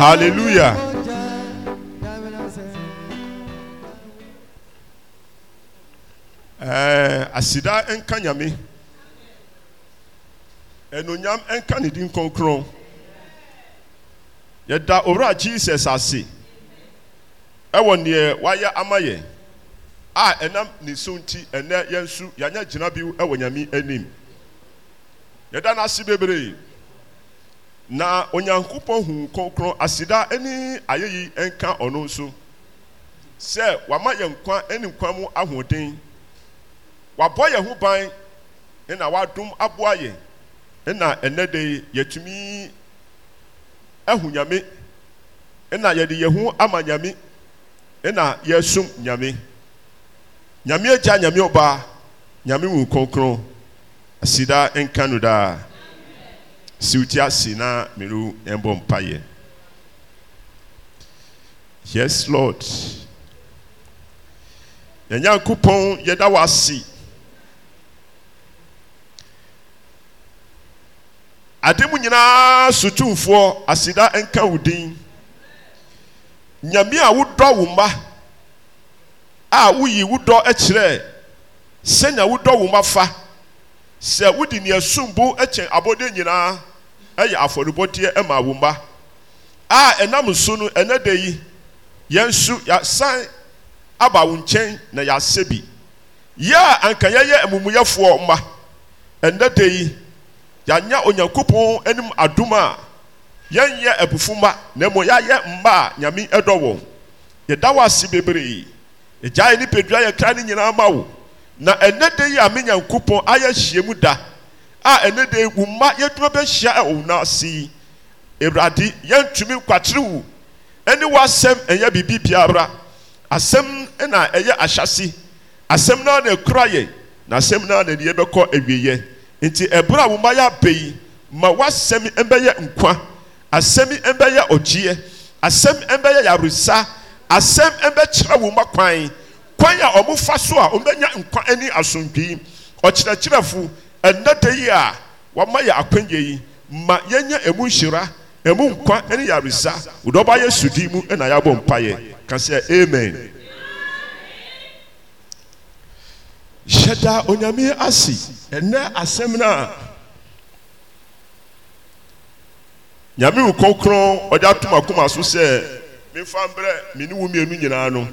Hallelujah. Ɛɛ eh, asida nka nyame ɛnunyam nka ne din nkonkron yɛda owura Jesus ase ɛwɔ neɛ wayɛ ama a ɛnam ne so nti ɛnɛ yɛn nso yɛanya gyina bi ɛwɔ nyame anim yɛda n'ase bebree. na onyankopɔn hu kronkron aseda ne ayeyi nka ɔno nso sɛ wama yɛn nkwa ne nkwa mu ahoɔden wabɔ yɛn ho ban na wadom aboa yɛn na ɛnɛ de yɛtumi ahu nyame na yɛde yɛn ho ama nyame na yɛsom nyame nyame agya nyame ɔbaa nyame hu kronkron aseda nka no daa anyankopɔyɛda woasiade m nyinaa sutomfoɔ asida nka wo din nyame a wodɔ wo ma a woyi wodɔ akyerɛɛ sɛnea wodɔ wo mma fa sɛ wodi measombo akyin abɔde nyinaa ɛyɛ afɔnebɔdeɛ ma womma a ɛnam so no ɛna de yi yɛ su yɛsane aba wo nkyɛn na yɛsɛ bi yɛɛ anka yɛyɛ amumuyɛfoɔ mma ɛna de yi yɛanya onyankopɔn anim adoma a yɛnyɛ abufo mma na mmo yɛayɛ mma a nyame ɛdɔ wɔn yɛda wɔ ase bebree agyaeeɛ nepɛdua yɛkra ne nyinaa ma wo na ɛnɛ de yi a me nyankopɔn ayɛ hyiɛm da a ɛnɛ de wo mma yɛduma bɛhyia ɛwɔ wo ase yi awurade yɛntumi nkwakyere wo ɛne w'asɛm ɛnyɛ biribi biara asɛm ɛna ɛyɛ ahyase asɛm naa na ekura yɛ na asɛm naa na ɛdeɛ bɛkɔ awieɛ nti ɛberɛ a mma yɛ abɛ yi ma w'asɛm mbɛyɛ nkwa asɛm mbɛyɛ ɔgyeɛ asɛm mbɛyɛ yaresa asɛm mbɛkyerɛ wo mma kwan kwan a ɔmofa so a ɔmbɛnya nkwa ɛne ne asomdwee ɔkyerɛkyerɛfo ɛnna da yi a wɔama yɛ akwanya yi ma yɛnya ɛmu nhyira ɛmu nkwa ne yaresa wɔde ɔba yɛ sudi mu na yɛabɔ mpa ka kase amen hyɛda onyame ase ɛnɛ asɛm no a nyame wo kɔnkrɔn ɔde atom akoma so sɛ memfa mbrɛ me ne wo mmienu nyinaa no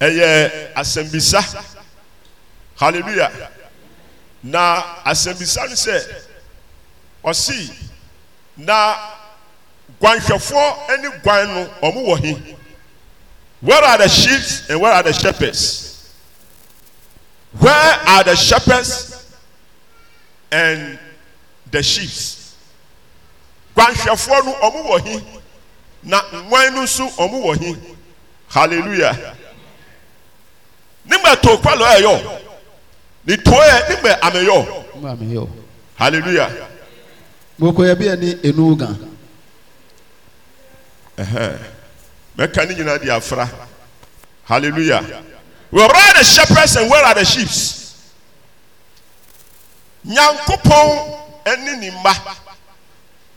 ɛyɛ asɛmbisa hallelujah. na asɛmbisa no sɛ ɔsii na guanhwɛfoɔ ne guan no ɔmo wɔ he where are the sheep and where are the shepherds where are the shepherds and the sheeps guanhwɛfoɔ no ɔmo wɔ he na nwan no nso ɔmo wɔ he hallelujah nígbà tó kpalọ ẹ ne tɔɔ yɛ ne mɛ ameyɔ. hallelujah. mokɔ yɛ bi yɛ ni enu gan. mɛka ne nyinaa de afra hallelujah. where are the shepherds and where are the sheep. nyankopɔn ɛne ne mma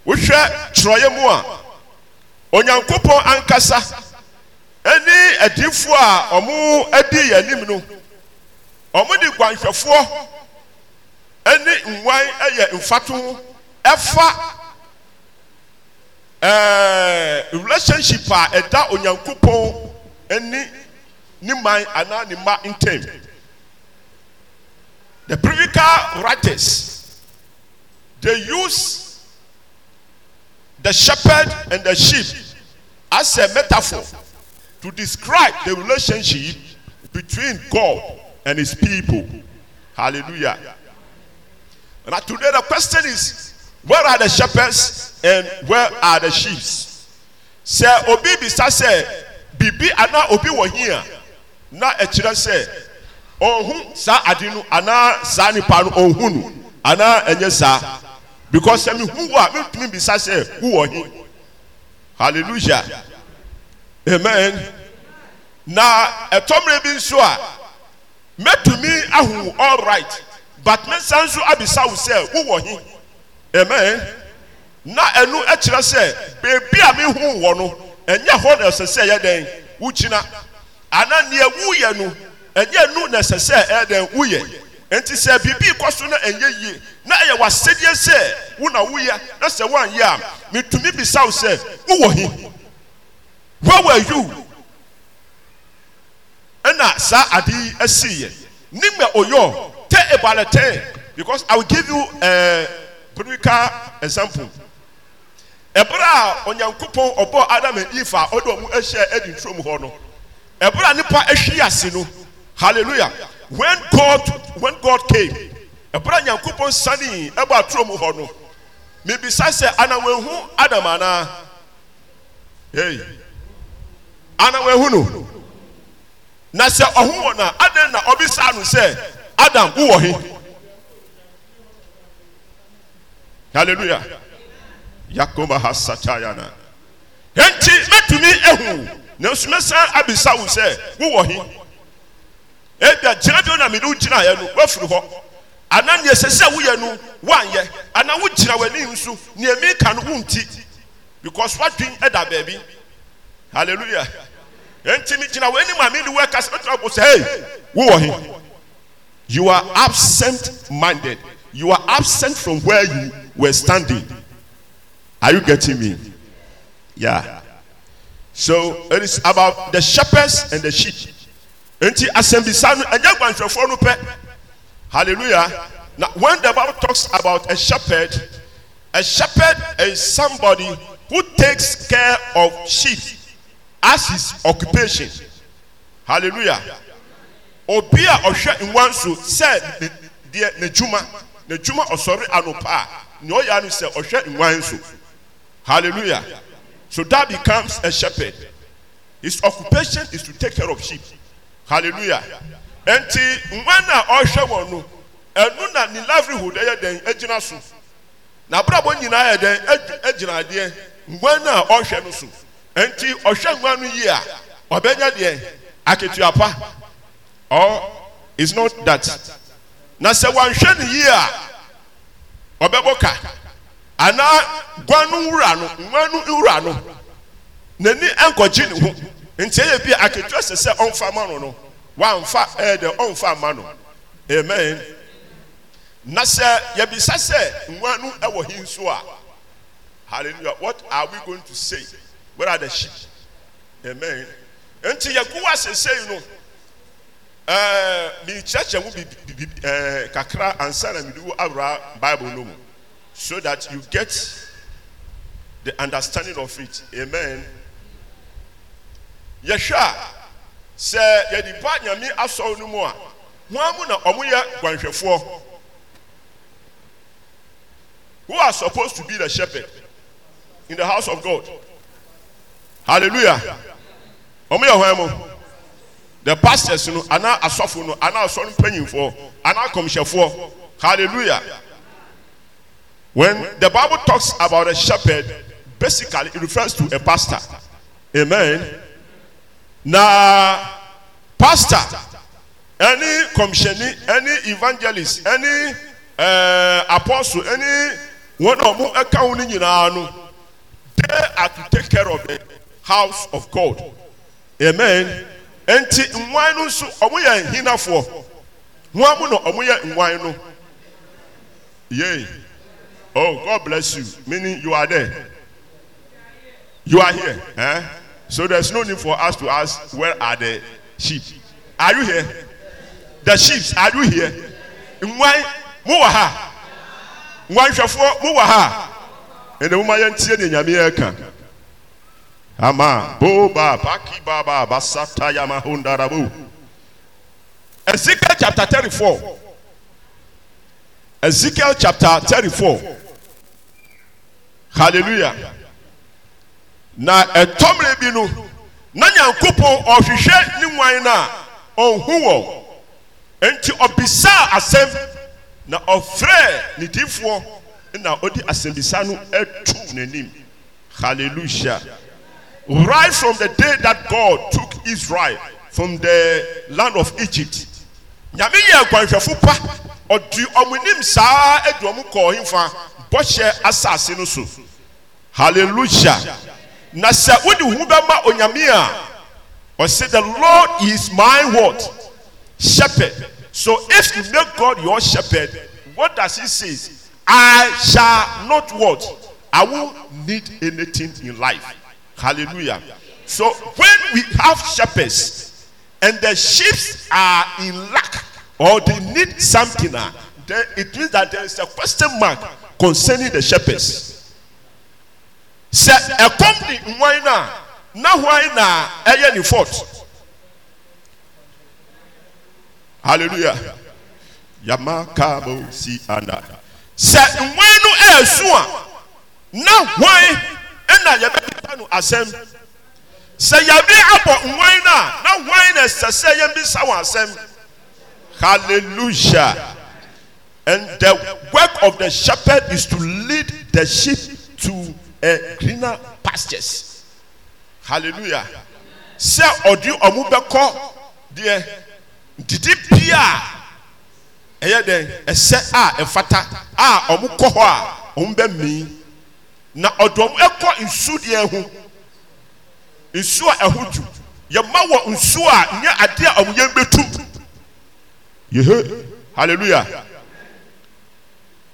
wohwɛ twerɛyɛ mu a onyankopɔn ankasa ɛne adiifoɔ a ɔmo adi yɛ anim no ɔmode kwanhwɛfoɔ ne nwan e yɛ mfato ɛfa ɛɛ relationship a ɛda onyankopɔn ne ne man anaa ne ma ntam the biblical writers they use the shepherd and the sheep as a metaphor to describe the relationship between God and his people. Hallelujah. Now, today the question is where are the shepherds and where are the sheep? Sir obi bisa said, bibi ana obi wɔ hi a na ɛkyerɛ sɛ ɔnhu saa ade no anaa saa nipa no ɔnhu no anaa ɛnyɛ saa because sɛ mihu wɔ a mintumi bisa sɛ wowɔ hi hallelujah amen na ɛtɔmmerɛ bi nso a mɛtumi ahu all right but mɛnsa nso abisa wo sɛ wowɔ he amen na ɛnu ɛkyerɛ sɛ beebi a mehu wɔ no ɛnyɛ hɔ na ɛsɛ sɛ ɛyɛ dɛn wogyina ana nea woyɛ no ɛnyɛ nu na ɛsɛ sɛ ɛyɛ dɛn woyɛ nti sɛ biribi kɔ so na ɛnyɛ yie na ɛyɛ w'asɛdeɛ sɛ wo na woyɛ na sɛ woanyɛ a metumi bisa wo sɛ wowɔ he where were you ɛna saa ade yi ɛsiiɛ nimɛ oyɔ tɛ ebale tɛ because i will give you ɛɛ eh, biblical example ɛbɛrɛ a ɔnyankopɔn ɔbɔ adam and eve a ɔde ɔmo ɛhyɛ ɛdi nturom hɔ no ɛbɛrɛ a nipa ɛhwi ase no hallelujah when god when god came ɛbɛrɛ a nyankopɔn sani ɛbɔ aturom hɔ no mibisa sɛ anawehu adam anaa hey anawehu no. na sɛ ɔho na adan na ɔbisa no sɛ adam wowɔ he hallelujah yakoma ha satayana enti mɛtumi ehu na nso mɛsan abisa wo sɛ wowɔ he ebia gyina bi na mene wogyina yɛ no woafiri hɔ ana nea ɛsɛ sɛ woyɛ no woanyɛ ana wogyina w'ani nso nea meka no wonti because woadwen ɛda baabi hallelujah nti mi wo w'anim a mi ni w'akasa o tura ko sɛ hey wowɔ he you are absent minded you are absent from where you were standing are you getting me yeah so it is about the shepherds and the sheep nti asɛmbisa no ɛnyɛ gbanhwɛfoɔ no pɛ hallelujah now when the bible talks about a shepherd a shepherd is somebody who takes care of sheep as his occupation hallelujah obi a ɔhwɛ nwanso sɛ ne deɛ ne dwuma ne dwuma ɔsɔre anopa a nea ɔyɛ ano sɛ ɔhwɛ nwanso hallelujah so that becomes a shepherd his occupation is to take care of sheep hallelujah nti nwan a ɔhwɛ wɔn no ɛnu na ne livelihood ɛyɛ dɛn ɛgyina so na abrabɔ nyinaa yɛ dɛn ɛgyina adeɛ nwan a ɔhwɛ no so. nti ɔhwɛ nwa no yie a ɔbɛnya deɛ aketewa pa or is not that na sɛ wanhwɛ no yie a ɔbɛbɔ ka anaa gua no wura no nwa no wura no n'ani nkɔgye ne ho nti ɛyɛ bi a esese sɛ sɛ ɔmfa ma no no wamfa ɛyɛ dɛ ma no amen na sɛ yɛbisa sɛ nwa no wɔ hi nso a hallelujah what are we going to say. where are the sheep amen nti yɛgu asese yi no ɛɛ eh, mìkyerɛkyerɛ mu bibi ɛɛ eh, kakra ansa na mìdu awura bible no mu so that you get the understanding of it amen yɛhwɛ a sɛ yɛdipa nyame asɔw no mu a wɔn mu na wɔn yɛ guanhwɛfoɔ who are supposed to be the shepherd in the house of god hallelujah wɔn yɛ hwan mu the pastors no ana asɔfo no ana asɔre mpanyinfoɔ ana akɔmhyɛfoɔ hallelujah when the bible talks about a shepherd basically it refers to a pastor amen na pastor any commissioner, any evangelist any ɛɛ apɔso ɛne wɔn a wɔn ɛka ho no nyinaa no they are to take care of them. house of God amen enti nwan no nso ɔmo hina for wɔn mo na ɔmo yɛ no yay oh God bless you meaning you are there you are here eh? so there is no need for us to ask where are the sheep are you here the sheep are you here nwan mo wɔ ha nwanhwɛfoɔ mo wɔ ha ɛnna mo ma yɛn tie ne nyame ama Baba Basata basataya mahundarabu ezekiel chapter thirty four ezekiel chapter thirty four hallelujah na ɛtɔmire bi no na nyankopɔn ɔhwehwɛ ne nwan no a ɔnhu wɔ enti ɔbisaa asɛm na ɔfrɛ ne difoɔ na ɔde asɛmbisa no atu n'anim hallelujah. Right from the day that God took Israel from the land of Egypt. hallelujah na sɛ wodi hu bɛma onyame a the lord is my word shepherd so if you make god your shepherd what does he say i shall not what i won't need anything in life Hallelujah. So when we have shepherds and the sheep are in lack or they need something, ah, then it means that there is a question mark concerning the shepherds. Sɛ ɛkɔm di nwan na na hwan na ɛyɛ fault. Hallelujah. Yama kaabo si ana. Sɛ nwan no eh, ɛɛsu a na hwan ɛna yɛbɛbisa no asɛm sɛ yɛde abɔ nwan no a na nwan na ɛsɛ sɛ yɛmbisa wɔ asɛm hallelujah and the work of the shepherd is to lead the sheep to a greener pastures hallelujah sɛ ɔde ɔmo bɛkɔ deɛ didi bia ɛyɛ dɛ ɛsɛ a ɛfata a ɔmo kɔ hɔ a ɔmo bɛ mii. na ɔdɔm ɛkɔ nsudeɛn ho nsu a ɛhodwu yɛma wɔ nsu a nyɛ ade a ɔmoyɛn bɛtu yehe halleluja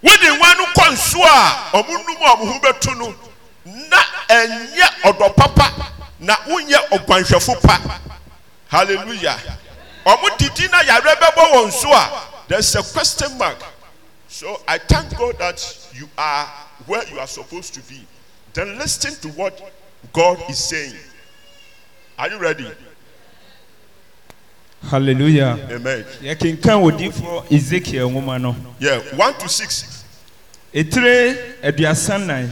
wode nwa no kɔ nsu a ɔmonom a ɔmoho bɛtu no na ɛyɛ ɔdɔ papa na wonyɛ ɔgwanhwɛfo pa halleluja ɔmo didi na yɛadeɔ bɛbɔ wɔ nsu a there's a queston mark so i thank god that you are where you are supposed to be, then listen to what God is saying. Are you ready? Hallelujah. Amen. Yɛkenkan odifo Ezekiel nwoma no. Yeah, one to six. Etire aduasa nan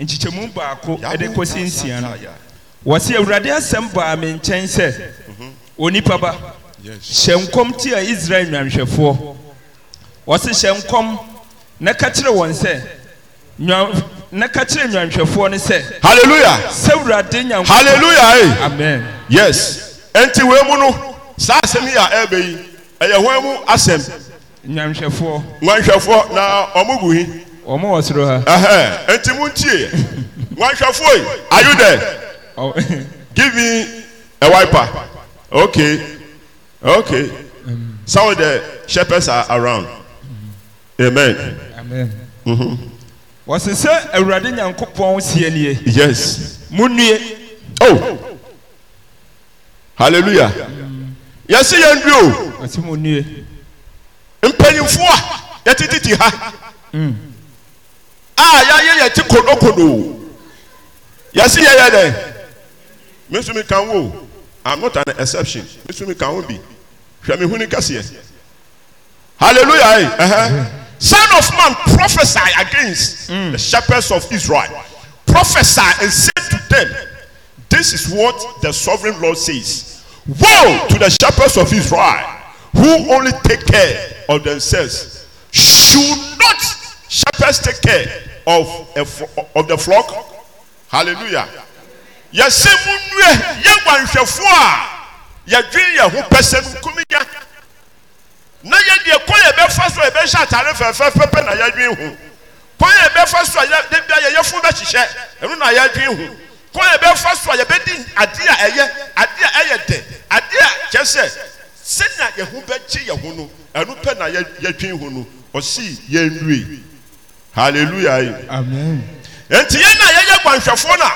nkyekyɛmu baako ɛde kɔsi nsia no. Wɔsi Awurade asɛm baa me nkyɛn sɛ, mm-hmm. onipa ba, hyɛ nkɔm tia Israel nwanhwɛfoɔ. Wɔsi hyɛ nkɔm na ka wɔn sɛ, Hallelujah! Hallelujah! kyerɛ eh? amen yes enti wei mu no saa asem. yi a ɛɛbɛ yi ɛyɛ hwan mu asɛm nwanhwɛfoɔ nwanhwɛfoɔ na ɔmo gu hi ɔmo wɔ soro ha ɛhɛ enti mu ntie nwanhwɛfoɔ yi are you there give me a wiper okay okay some of the shepherds are around amen amen. Mm -hmm wɔsi sɛ awurade nyankopɔn sie nie. yes. mu nue. oh hallelujah yɛsi yɛn nue o. wɔsi mu nue. mpanyinfo a yɛtete ha mm. a yɛayɛ yɛte kodokodo yɛsi yɛyɛ dɛ mi nso mi kan wo i'm not an exception mi nso mi kan wo bi hwɛ mi hu ni kɛseɛ hallelujah. Uh -huh. Son of man, prophesy against mm. the shepherds of Israel. Prophesy and say to them, This is what the sovereign Lord says Woe to the shepherds of Israel who only take care of themselves. Should not shepherds take care of, a, of the flock? Hallelujah. Yɛsɛ mu nnue yɛ wanhwɛfoɔ a yɛdwe yɛn ho pɛ sɛ ya na yɛ deɛ kwan yɛ bɛfa so a yɛbɛhyɛ atare fɛɛfɛ pɛpɛ na yɛadwin ho kwan yɛ bɛfa so a yɛde bi a yɛyɛfo bɛhyehyɛ ɛno na yɛadwin ho kwan yɛ bɛfa so a yɛbɛdi ade a ɛyɛ ade a ɛyɛ dɛ ade a kyɛ sɛ sɛnea yɛn ho bɛkye yɛn ho no ɛno pɛ na yɛadwin ho no ɔsi yɛn nui hallelujah amen nti yɛn na yɛyɛ gbanhwɛfoɔ na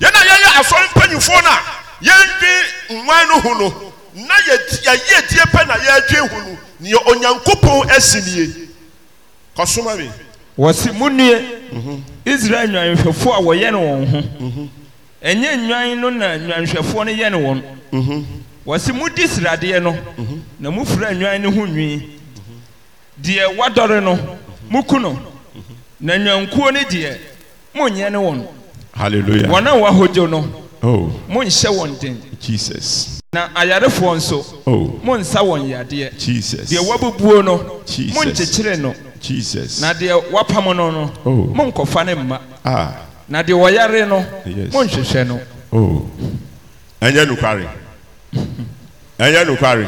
yɛn na yɛyɛ asɔre mpanyinfoɔ na yɛn dwi nwan no ho no na yɛyɛ die pɛ na yɛadwin ho no nea onyankopɔn asi nie kɔsoma mi. wɔsi mu nue mhm. israel nwanhwɛfoɔ a wɔyɛ no wɔn ho mhm. ɛnyɛ nwan no na nwanhwɛfoɔ no yɛ no wɔn mhm. wɔsi mu di sradeɛ no na mu fura nwan no ho nwi deɛ wadɔre no mu ku no na nwankuo no deɛ mu nyɛ no wɔn hallelujah wɔn a wɔahodwo no oh. mu nhyɛ wɔn den jesus na ayarefoɔ nso oh. mo nsa wɔn yadeɛ deɛ wabubuo no mo nkyekyere no na deɛ wapam no no oh. mo nkɔfa ne mma ah. na deɛ wɔyare no mo nhwehwɛ no oh. ɛnyɛ nokware ɛnyɛ nokware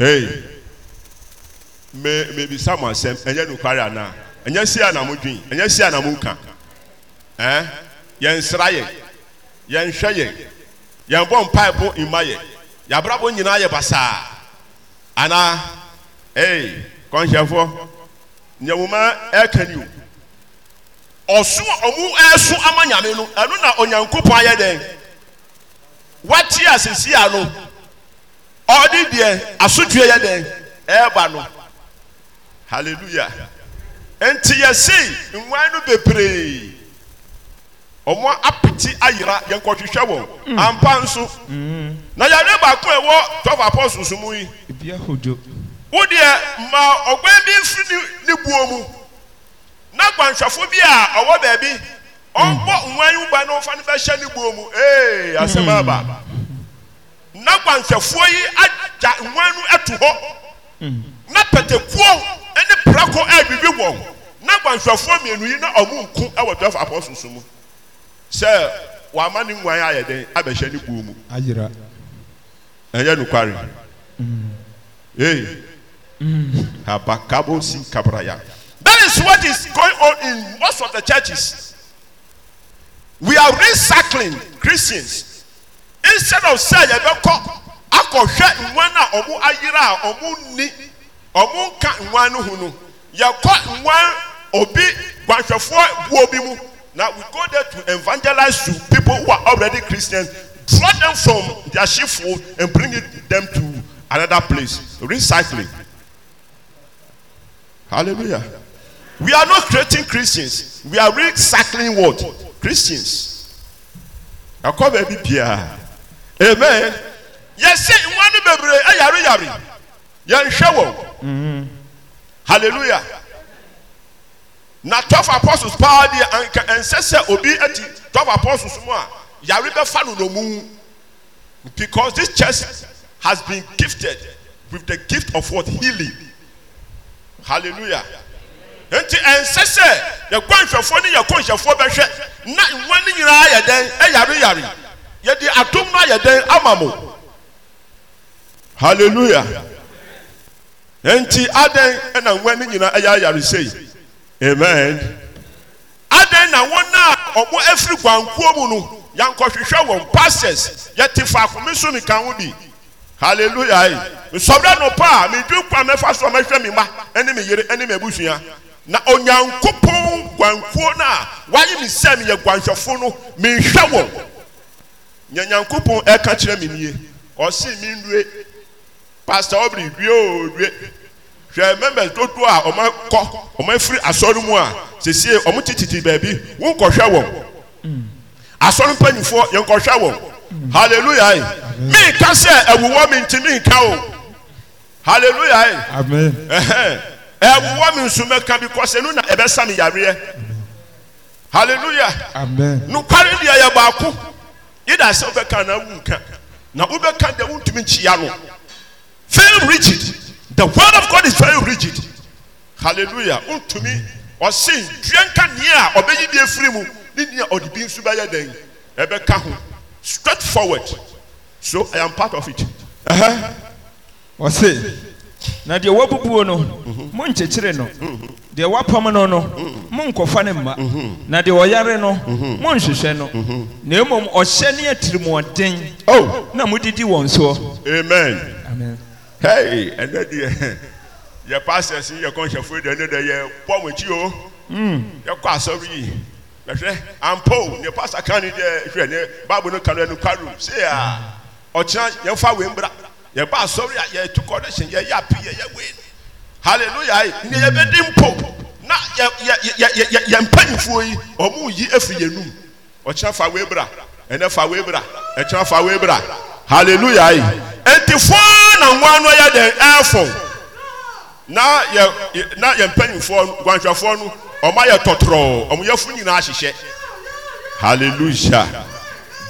ei me mebisa mo asɛm ɛnyɛ nokware anaa ɛnyɛ si a na mo dwen ɛnyɛ si a na mo ka ɛn yɛn nsra yɛn yɛn bɔ mpaebɔ mma yɛ yɛabrabɔ nyinaa yɛ basaa anaa ee kɔnhyɛfoɔ nyɛnwoma ɛka ni o ɔso a ɔmo ɛso ama nyame no ɛno na onyankopɔn ayɛ dɛn wate asesi a no ɔde deɛ asotwe yɛ dɛn ɛɛba no hallelujah nti yɛsi nwan no bebree ɔmo apiti ayira yɛn kɔhwehwɛ wɔn ampa nso mm. na yàrá baako ɛwɔ twelve apostles mu yi wo ma ɔgbɛn bi nfiri ne buo mu na gbanhwɛfo bi a ɔwɔ baabi ɔnbɔ mm. nwanyi ba na ɔfa ne bɛhyɛ ne buo mu ee asɛm mm. aba na gbanhwɛfoɔ yi agya nwan no ɛto hɔ na pɛtɛkuo ɛne prako ɛɛbibi wɔn na gbanhwɛfoɔ mmienu yi na ɔmo nko ɛwɔ twelve apostles mu sɛ wama ne nguan ayɛ dɛn abɛhyɛ ne kuo mu nukwari ee mm. haba mm. si kabraya that is what is going on in most of the churches we are recycling christians instead of sɛ yɛbɛkɔ akɔhwɛ nguan a ɔmo ayira a ni ɔmo nka nguan no ho no yɛkɔ nguan obi gbanhwɛfoɔ buo bi mu. Now we go there to evangelize to people who are already Christians, draw them from their sheepfold and bring them to another place. Recycling. Hallelujah. We are not creating Christians. We are recycling what? Christians. Ɛkɔ baabi biara. Amen. Yɛsi nwa ni bebree ɛyare yare. Yɛnhwɛ wɔn. Hallelujah na twelve apostles paa deɛ anka ɛnsɛ sɛ obi ati twelve apostles mu a yare bɛfa no nomu because this church has been gifted with the gift of what healing hallelujah nti ɛnsɛ sɛ yɛkɔ nhwɛfoɔ ne yɛkɔ nhwɛfoɔ bɛhwɛ na nwa no nyinaa yɛ dɛn ɛyare yare yɛde atom no ayɛ dɛn ama mo hallelujah nti adɛn ɛna nwa no nyinaa ɛyɛ ayare sei. amen adan na wɔn a ɔmo efiri gwankuo mu no yankɔhwehwɛ wɔn pastors yɛte faako mi nso mi ka ho bi hallelujah nsɔmdɛ nɔpa a mi dwi kwan mɛfa so mɛhwɛ mi ma ɛne mi yere ɛne mi abusua na onyankopɔn gwankuo n'a a wayɛ mi sɛ mi yɛ gwanhwɛfo no mi nhwɛ wɔn nyɛ ɛka kyerɛ mi nie ɔsi mi nue pastor obiri due o due. hwɛ members dodo a wɔn kɔ wɔn afiri asɔre mu a sese wɔn tititi baabi wɔn kɔhwɛ wɔn asɔre mpanyinfoɔ yɛn kɔhwɛ wɔn hallelujah mi nka sɛ ɛwuwɔ mi nti mi nka o hallelujah ɛwuwɔ mi nso mɛka bi kɔsɛ no na ɛbɛsa mi yareɛ hallelujah nukwari deɛ yɛ baako yi da sɛ wobɛka na awu nka na wobɛka deɛ wontumi nkyia no fail rigid the word of God is very rigid hallelujah ntumi ɔsi dua nkanea a ɔbɛyi die firi mu ne nia ɔde bi nso bɛyɛ den ɛbɛka ho straight forward so i am part of it. ɔsi na deɛ wabubuo no mhm. mo nkyekyere no mhm. deɛ wapam no no mhm. mo nkɔfa ne mma na deɛ ɔyare no mo nhwehwɛ no na mmom ɔhyɛ ne atirimuɔden oh. na modidi wɔn soɔ amen. amen hey ɛnɛ deɛ yɛ pastors yɛ kɔnhyɛfo deɛ ɛnɛ deɛ yɛ pɔm akyi o yɛ kɔ asɔre yi mɛhwɛ ampo ne pastor kan ne deɛ hwɛ ne baabu no kan no kwaru se a ɔkyena yɛmfa wei mbra yɛba asɔre a yɛtu connection yɛyɛ api yɛyɛ wei hallelujah ne yɛbɛdi mpo na yɛ yɛ yɛ yɛ yɛ mpanyinfoɔ yi ɔmo yi efi yɛnum ɔkyena fa wei bra ɛnɛ fa wei bra ɛkyena fa wei bra hallelujah yi eti fɔɔ na nwa no yɛ dɛ ɛɛfɔ na yɛ na yɛ mpanyinfoɔ guanhwɛfoɔ no ɔmo ayɛ tɔtrɔɔ ɔmo yɛ fun nyinaa hyehyɛ hallelujah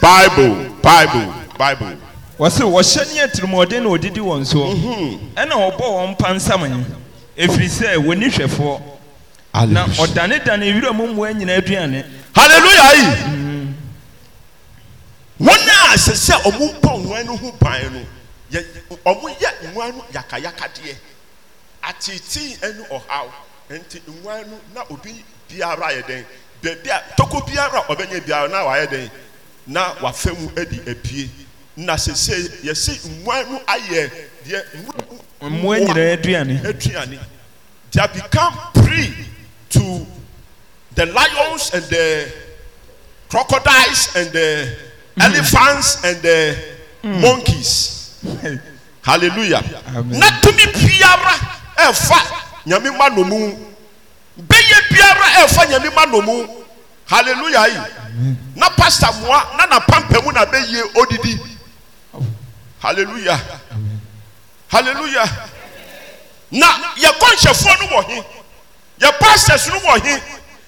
bible bible bible. wɔsi wɔhyɛ ne atirimɔden na odidi wɔn so mhm. ɛna ɔbɔ wɔn pansam yi efiri sɛ wɔni hwɛfoɔ na ɔdanedane ewura mu mmoa nyinaa aduane. hallelujah yi mhm. wɔn na ɛsɛ sɛ ɔmo mpɔ nwan no ho ban no yɛ ɔmo yɛ nwan no yakayakadeɛ atete ɛne ɔhaw nti nwan no na obi biara yɛ den beebi a toko biara ɔbɛnyɛ biara na wayɛ den na wafɛ mu ɛdi ebie na sese yɛsi nwan no ayɛ deɛ mmoa nyinaa aduane aduane they become free to the lions and the crocodiles and the elephants and the uh, hmm. monkeys hallelujah na tumi biara ɛfa nyame ma nomu bɛyɛ biara ɛfa nyame ma nomu hallelujah yi na pastor mua na na pampa na na bɛyɛ odidi hallelujah hallelujah na yɛ kɔnhyɛfoɔ no wɔ he yɛ pastors no wɔ he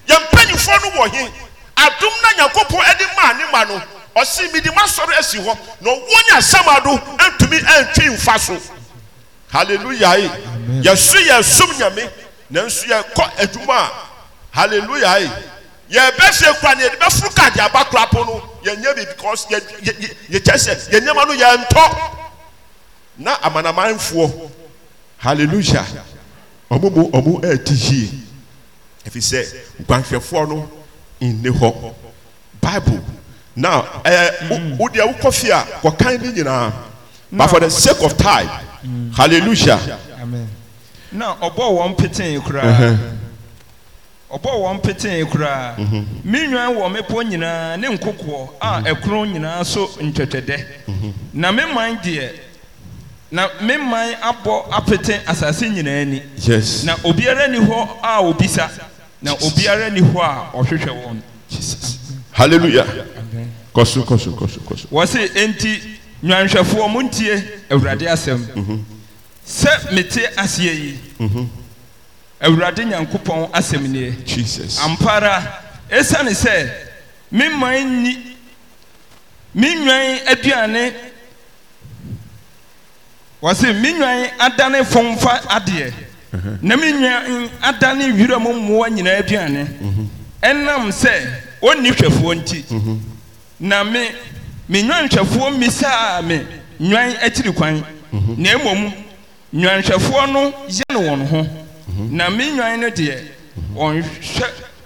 yɛ mpanyinfoɔ no wɔ he adum na nyakopɔn ɛde maa ne ma no ɔsi mi di ma sɔrɔ esi hɔ na ɔwɔ nyɛ asɛm ado ntumi ntwi nfa so hallelujah yi yɛsu yɛ sum nyame na nso yɛ kɔ adwuma hallelujah yi yɛbɛ fie kura na yɛde bɛ furu kaadi aba kura po no yɛnyɛ bi because yɛ yɛ yɛ kyɛ sɛ yɛ nneɛma no yɛn tɔ na amanamanfoɔ hallelujah ɔmo mu ɔmo ɛɛti yie efi sɛ gbanhwɛfoɔ no nne hɔ bible. now ɛɛ eh, wo deɛ wokɔ fie a ah, kɔkan ne nyinaa but for the sake of time mm. hallelujah. na ɔbɔ wɔn petee koraa ɔbɔ wɔn petee koraa me nwan wɔ mepɔ nyinaa ne nkokoɔ a mm-hmm. ɛkoro nyinaa so ntwɛtwɛdɛ mm-hmm. na me man deɛ na me man abɔ apete asase nyinaa ni na obiara ni hɔ a obisa na obiara ni hɔ a ɔhwehwɛ wɔn. hallelujah. kɔsu kɔsu kɔsu kɔsu. wɔsi enti nwanhwɛfoɔ mo ntie awurade asɛm mhm. sɛ mete aseɛ yi awurade mhm. nyankopɔn asɛm nie ampa ara esiane sɛ me man nyi me nwan aduane wɔsi me nwan adane fɔnfa adeɛ uh-huh. na me nwan adane wura mu mmoa nyinaa aduane mhm. ɛnam sɛ onni hwɛfoɔ nti na me me nnwanhwɛfoɔ mmisaa me nnwan akyiri kwan mhm. na mmom nnwanhwɛfoɔ no yɛ no wɔn ho mhm. na me nnwan no deɛ mhm. ɔnhwɛ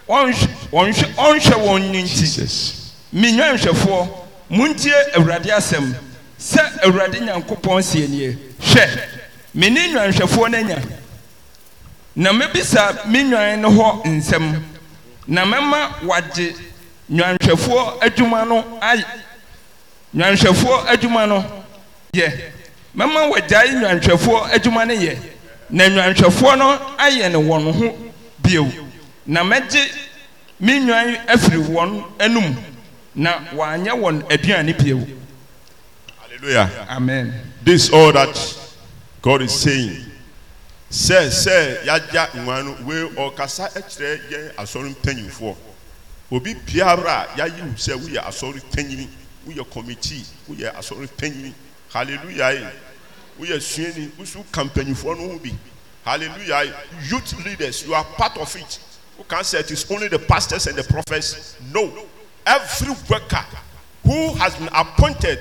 ɔnhwɛ ɔnhwɛ wɔn no nti me nnwanhwɛfoɔ muntie awurade asɛm sɛ awurade nyankopɔn sie nie hwɛ me ne nnwanhwɛfoɔ no anya na mebisa me nnwan no hɔ nsɛm na mɛma wagye nwanhwɛfoɔ adwuma no ayɛ nwanhwɛfoɔ adwuma no yɛ mɛma wɔgyae nwanhwɛfoɔ adwuma no yɛ na nwanhwɛfoɔ no ayɛ ne wɔn ho bio na mɛgye me nwan afiri wɔn anom na wɔanyɛ wɔn aduane bio hallelujah amen this all that god is saying sɛ sɛ yagya nwa no wei ɔkasa kyerɛ yɛn asɔre mpanyinfoɔ obi biara a We are sɛ woyɛ asɔre panyini woyɛ committee woyɛ asɔre panyini hallelujah yi woyɛ suani wosu kampanyifoɔ no ho bi hallelujah youth leaders you are part of it who can say it is only the pastors and the prophets no every worker who has been appointed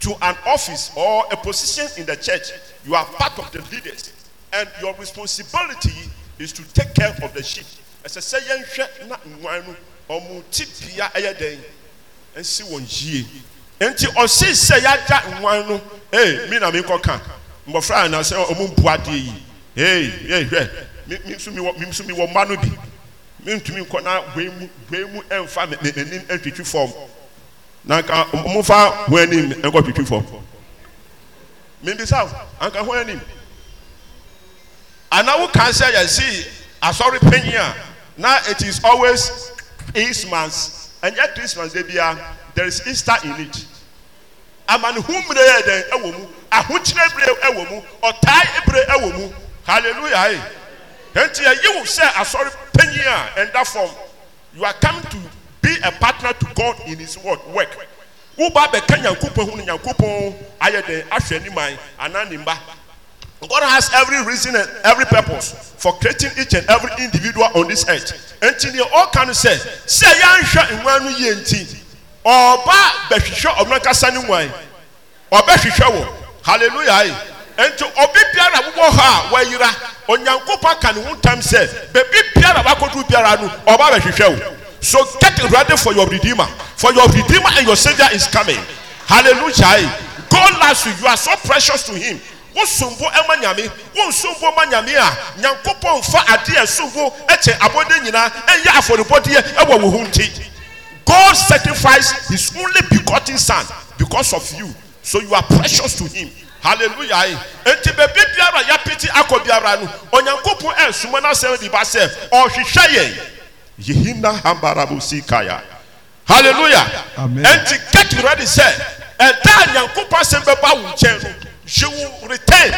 to an office or a position in the church you are part of the leaders and your responsibility is to take care of the sheep ɛsɛ sɛ yɛnhwɛ na nnwan no ɔmo ti bia ɛyɛ dɛn ɛsi wɔn yie nti ɔsi sɛ yagya nwan no ee mi na mi kɔ ka mbɔfra anase ɔmo bu adeɛ yi ee ee hwɛ mi mi nso mi wɔ mi nso mi wɔ mma no bi mi ntumi nkɔ na bue mu bue mu ɛnfa mɛ mɛ n'anim ɛtwitwi fam na nka ɔmo fa wɔn anim ɛkɔ twitwi fam mi bi sa anka wɔn anim anawo kan sɛ yɛsi asɔre panyin a na it is always. Christmas ɛnyɛ Christmas de bia ah, there is Easter in it amanihumire yɛ dɛn ɛwɔ mu ahokyere bere ɛwɔ mu ɔtaa bere ɛwɔ mu hallelujah yi nti ɛyi wo sɛ asɔre panyin a ɛnda fam you are come to be a partner to God in his word work wo ba bɛka nyankopɔn ho ne nyankopɔn ayɛ dɛn ahwɛ ne man anaa ne mba. God has every reason and every purpose for creating each and every individual on this earth. Until they all can say, say yansha inwanu yenti. Oba behwehwe omnakasa ni wan. Oba hwehwe wo. Hallelujah. Enti obi biara wo ha wa yira. Onyankopon kan one time say, baby biara wa kodu biara no oba behwehwe wo. So get ready for your redeemer. For your redeemer and your savior is coming. Hallelujah. God loves you. You are so precious to him. wosombo ɛma nyame wonsombo ma nyame a nyankopɔn fa adeɛ sombo ɛkyɛ abɔde nyinaa ɛnyɛ afɔrebɔdeɛ ɛwɔ wo ho nti god sacrificed his only begotten son because of you so you are precious to him hallelujah yi eti beebi biara yapiti akɔ biara no onyankopɔn ɛnsoma n'asɛm di ba sɛ ɔhwehwɛ yɛn yihina hambarabu sikaya hallelujah eti get ready sɛ ɛda nyankopɔn asɛm bɛba wo nkyɛn no je will return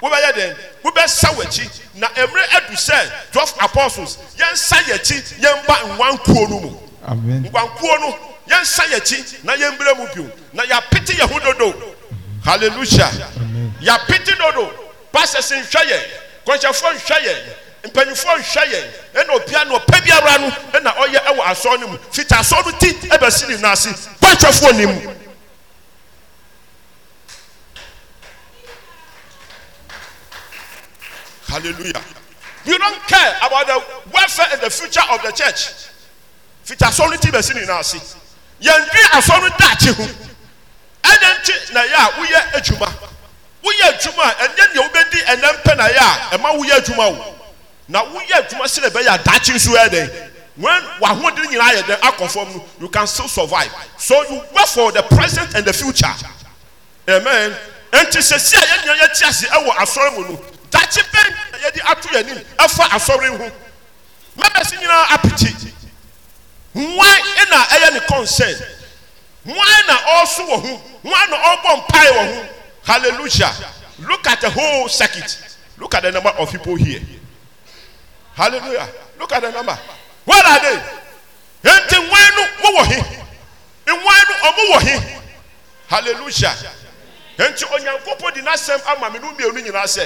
wobɛyɛ dɛn wobɛsa w'akyi na mmerɛ adu sɛ twelve apostles yɛnsa yɛkyi yɛmba nwankuo no mu nwankuo no yɛnsa yɛkyi na yɛmbrɛ mu bio na yɛapete yɛ ho dodo hallelujah yɛapete dodo pastors nhwɛ yɛn kɔnhyɛfoɔ nhwɛ yɛn mpanyinfoɔ nhwɛ yɛn ɛna obia na ɔpɛ biara no ɛna ɔyɛ ɛwɔ asɔr no mu fiti asɔr no ti ɛbɛsi ne nan ase kɔnhyɛfoɔ ne mu. Hallelujah. You don't care about the welfare and the future of the church. If it has only si ni naase. Yɛn dwi asɔre daakye ho. Ɛna nti na yɛ a we adwuma. Woyɛ adwuma a ɛnyɛ deɛ wobɛdi ɛnɛ mpɛ na yɛ a ɛma woyɛ adwuma Now we woyɛ juma, si na ɛbɛyɛ a daakye nso yɛ dɛ. When wahoɔden nyinaa yɛ dɛ akɔ I no you can still survive. So you work for the present and the future. Amen. And sɛ si a yɛn nyinaa yɛ dakye bɛn na yɛde ato yɛn anim afa asɔre ho members nyinaa apiti nwan na ɛyɛ ne concern nwan na ɔso wɔ ho nwan na ɔbɔ mpae wɔ ho hallelujah look at the whole circuit look at the number of people here hallelujah look at the number Where are they nti nwan no wɔ he nwan no ɔmo wɔ he hallelujah nti onyankopɔn di n'asɛm ama mi nu mmienu nyinaa sɛ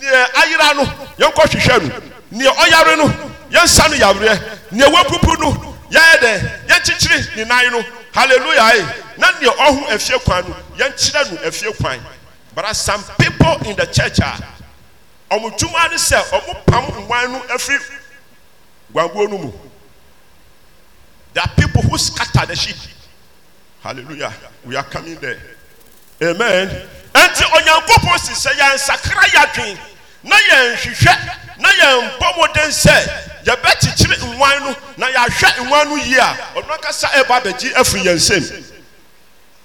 nea ayira no yɛn kɔ hwehwɛ no nea ɔyare no yɛn nsa no yareɛ nea wapupu no yɛyɛ dɛ yɛn kyikyiri ne nan no hallelujah ayi na nea ɔho efie kwan no yɛn kyerɛ no efie kwan but as some people in the church a wɔn dwuma no sɛ wɔn pam nwan no efiri gbanguo no mu there are people who scatter the sheep hallelujah we are coming there. amen nti onyankopɔn si sɛ yɛnsakra yɛadwen na yɛnhwehwɛ na yɛmpɔ moden sɛ yɛbɛkyekyere nwan no na yɛahwɛ nwan no yie a ɔno ankasa ɛba abɛgye afiri yɛn nsam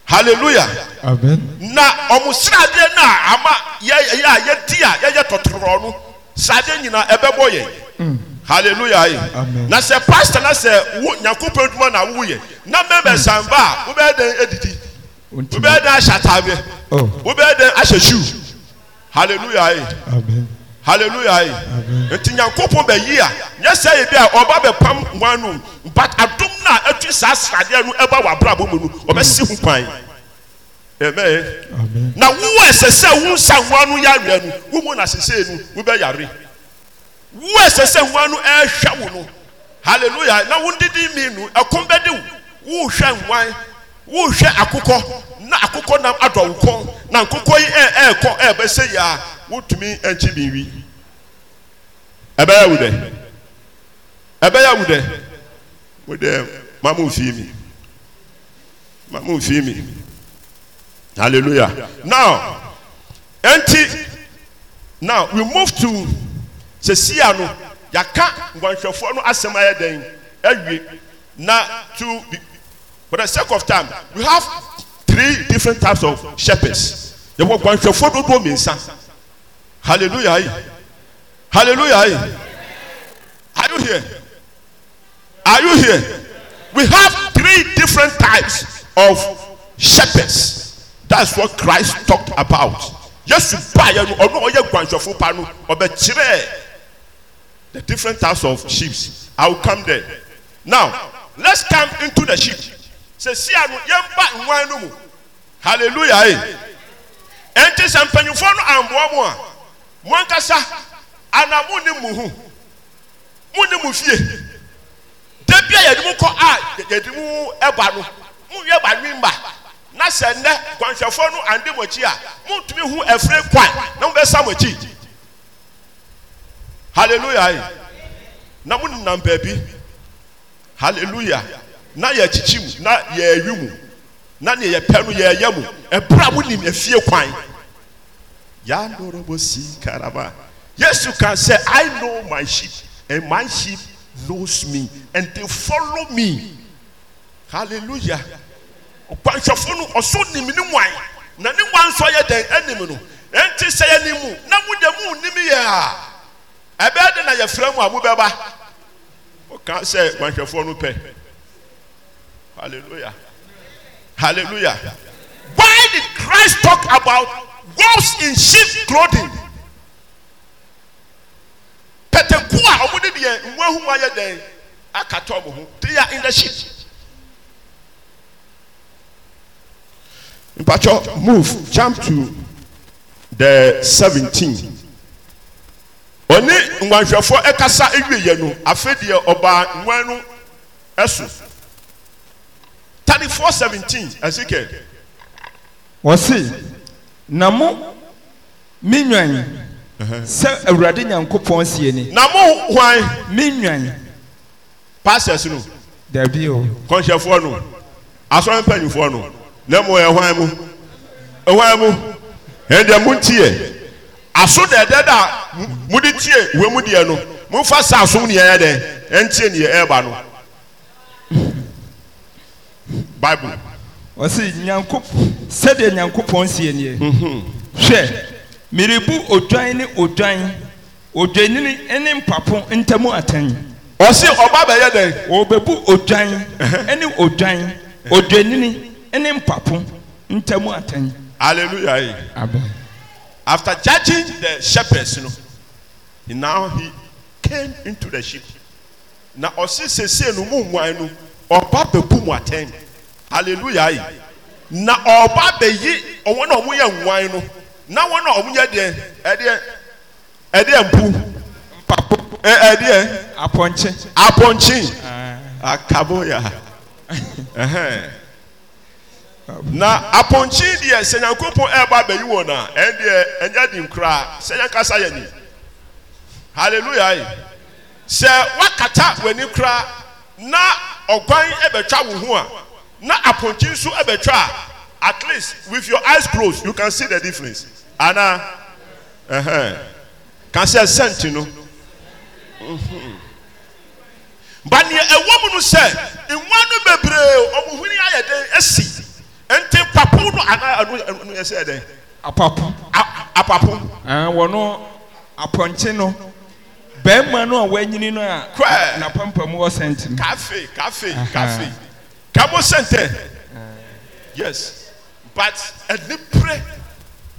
hallelujah amen na ɔmo sradeɛ no a ama yɛyɛ a yɛdi a yɛyɛ tɔtɔrɔ no sradeɛ nyinaa ɛbɛbɔ yɛn mm. hallelujah yi na sɛ pastor na sɛ wo nyankopɔn adwuma na woyɛ na mɛmɛ sanba mm. a wobɛyɛ dɛn adidi wobɛyɛ dɛn ahyɛ ataadeɛ oh. wobɛyɛ dɛn ahyɛ shoe hallelujah ye eh. hallelujah ye eh. nti nyankopɔn bɛ yi a nyɛ sɛ yi a ɔba bɛ pam wɔn but adum na etwi saa sradeɛ no ɛba wɔ abrabɔ mu no ɔbɛ si ho kwan amen eh. na wo ɛsɛ sɛ wo nsa wɔn ano yareɛ no wo mu na sese no wo bɛ yare wo ɛsɛ sɛ wɔn ano ɛɛhwɛ wo no hallelujah na wo didi mi no ɛkɔm bɛ di wo wo hwɛ nwan wohwɛ akokɔ na akokɔ nam adɔ wo kɔn na nkokɔ yi ɛɛ ɛɛkɔ ɛɛbɛsɛ yi a wotumi ɛnkyi binwi ɛbɛyɛ wo dɛ ɛbɛyɛ wo dɛ wo dɛ mamu fi mi mamu fi mi hallelujah now ɛnti now we move to sɛsi a no yaka nguanhwɛfoɔ no asɛm ayɛ dɛn ɛwie na to be for the sake of time we have three different types of shepherds yẹwọ gbanhwẹfọ dodo mìíràn hallelujah yi hallelujah yi are you here are you here we have three different types of shepherds that's what christ talked about yesu baayɛ no ɔno ɔyɛ gbanhwɛfo pa no ɔbɛkyerɛ the different types of sheep i will come there now let's come into the sheep. sɛsi ano yɛmba nwan no mu hallelujah ye eh. ɛnti sɛ mpanyinfoɔ no amboa mu a mo ankasa anamu ne mo ho mo ne mo fie debi a yɛde mo kɔ a yɛde mo ɛba no mo yɛ ba nwi mba na sɛ nnɛ kwanhwɛfoɔ no ande mo akyi a mo ntumi ho ɛfiri kwan na mo bɛ mo akyi hallelujah ye eh. na mo nenam baabi hallelujah na yɛkyikyi mu na yɛawi mu na nea yɛpɛ no yɛyɛ mu ɛberɛ a wonim afie kwan yɛanorobo si karaba yesu ka sɛ i know my sheep and my sheep knows me and they follow me hallelujah ɔkwanhwɛfo no ɔso nim ne wan na ne wan nso yɛ dɛn anim no ɛnti sɛ yɛnim mu na modeɛ mu nnim yɛ a ɛbɛyɛ de na yɛfrɛ mu a mobɛba woka sɛ kwanhwɛfoɔ no pɛ Hallelujah. Hallelujah. Why did Christ talk about wolves in sheep's clothing? Pẹ̀tẹ̀kù a ọmọ de deɛ nwa ehu ayɛ dɛn akata ɔmo ho they are in the sheep. Mpatsɔ move jump to the seventeen. Ɔne nnwanhwɛfoɔ ɛkasa ewie yɛ no afɛ deɛ ɔbaa nwa no thirty four seventeen ezekiel. wɔsi na mo mi nwan sɛ awurade nyankopɔn sie ni. na mo hwan. mi nwan. pastors no. dabi o. kɔnhyɛfoɔ no asɔre mpanyinfoɔ no na mo yɛ hwan mu hwan mu ɛnna mo ntiɛ aso dɛdɛ da mo de tie wɔ mu deɛ no mo fa sa aso nea yɛ dɛ ɛntie nea ɛɛba no bible ɔsi nyankopɔn sɛdeɛ nyankopɔn sie nie hwɛ miribu odwan ne odwan odwanini ne mpapo ntamu atɛn ɔsi ɔba bɛyɛ dɛ ɔbɛbu odwan ne odwan odwanini ne mpapo ntamu atɛn hallelujah amen after judging the shepherds no he now he came into the ship. na ɔsi sese no mu nwan no ɔba bɛbu mu atɛn. hallelujah yi na ọba bɛyi ɔwɔ na no na wɔn ah. na ɔmo yɛ deɛ ɛdeɛ ɛdeɛ mpu mpapo ɛ ɛdeɛ apɔnkye apɔnkye akaboya ya na apɔnkye deɛ sɛnyankopɔn ndị bɛyi wɔn na ɛdeɛ ɛnyɛ ndị nkura ni hallelujah yi wakata w'ani na a. na apɔnkye nso ɛbɛtwa a at least with your eyes closed you can see the difference ana ɛhɛn kan sɛ sɛnti no ba nea ɛwɔ mu no sɛ nwa no bebree ɔmo huni ayɛ den esi nti papo no ana ɛnu ɛnu yɛ sɛ ɛdɛn. apapo apapo. ɛn "No," apɔnkye no bɛrima no a wɔanyini no a. kura n'apampam wɔ "No," kafe kafe kafe kamo center yes but ɛnipire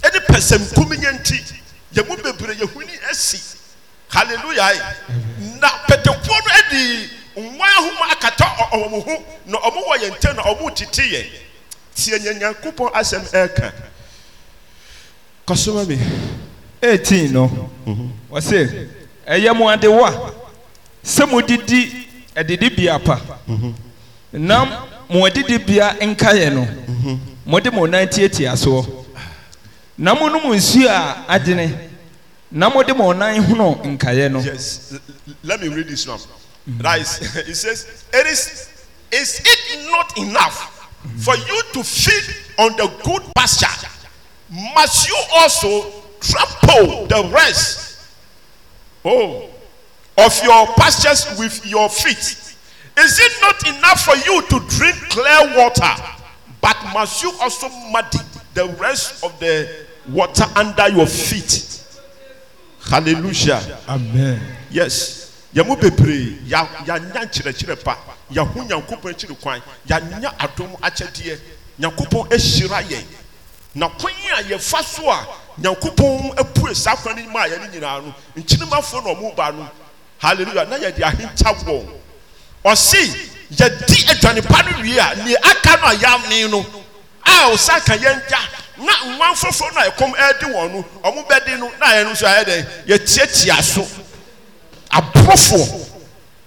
ɛni pɛsɛnkumi yɛ nti yɛ mu bebree yɛ huni ɛsi hallelujah na pɛtɛkuo no ɛdi nwa ahoma akata ɔmo ho na ɔmo wɔ yɛn ntɛn na ɔmo tete yɛn tie nyɛ nyankopɔn asɛm ɛɛka kɔsoma mi eighteen no wɔsi ɛyɛ mu adewa sɛ mo didi ɛdidi bia pa. Mm -hmm na mɔdedibea nka yɛ no mɔde mɔ nan tiatia soɔ na mo nom nsuo a adene na mɔde mɔ nan hono nkaeɛ no. yes let me read this now mm -hmm. that is it says it is is it not enough mm -hmm. for you to feed on the good pasture must you also trample the rest oh, of your pastures with your feet. Is it not enough for you to drink clear water, but must you also muddy the rest of the water under your feet? Hallelujah. Amen. Yes. Yɛmu bebree ya ya yanya nkyerɛkyerɛ pa yahu nyankopɔn akyiri kwan yanya adom akyɛdeɛ nyankopɔn ahyira yɛn na kwan a yɛfa so a nyankopɔn apue saa kwan no mu a yɛne nyinaa no nkyinimafoɔ na ɔmo ba no hallelujah na yɛde ahinta wɔn. ɔsi yɛdi adwanepa no wie a nea aka no a yɛame no a ɔsa ka yɛn gya na nwan foforɔ no a ɛkɔm ɛredi wɔn no ɔmo bɛdi no na yɛn nso ayɛ dɛ yɛtiatia so aborɔfoɔ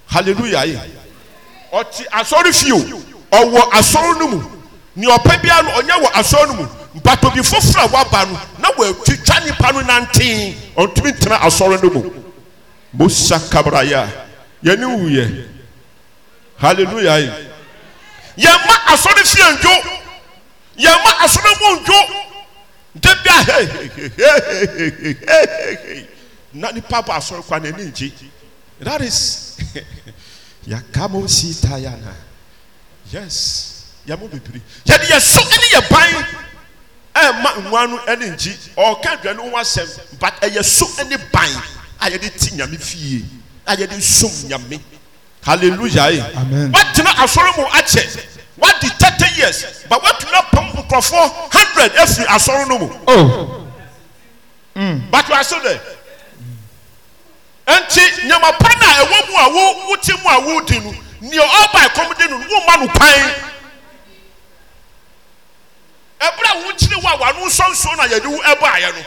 hallelujah yi ɔte asɔre fio ɔwɔ asɔre no mu nea ɔpɛ bia no ɔnyɛ wɔ asɔre no mu mpatobi foforɔ a waba no na wɔatwitwa nipa no nantee ɔntumi ntena asɔre no mu musa kabraya yɛne wuyɛ. hallelujah yi yɛn ma asɔrefie njo yɛn ma asɔrefo njo ntabi a hehehehehehe na nipa papa asɔre kwa na ani nkye that is yakamo si taya na yes yamu bebree yɛde yɛ so ɛne yɛ ban ɛma nwa no ɛne nkyi ɔka dua no ho asɛm but ɛyɛ so ɛne ban a yɛde ti nyame fie a yɛde som hallelujah yi watena asɔre mu akyɛ wadi thirty years but watena pam nkurɔfoɔ hundred efiri asɔre no mu oh. mm. but wa so nti nyama mu mu ma kwan a nsonson na no.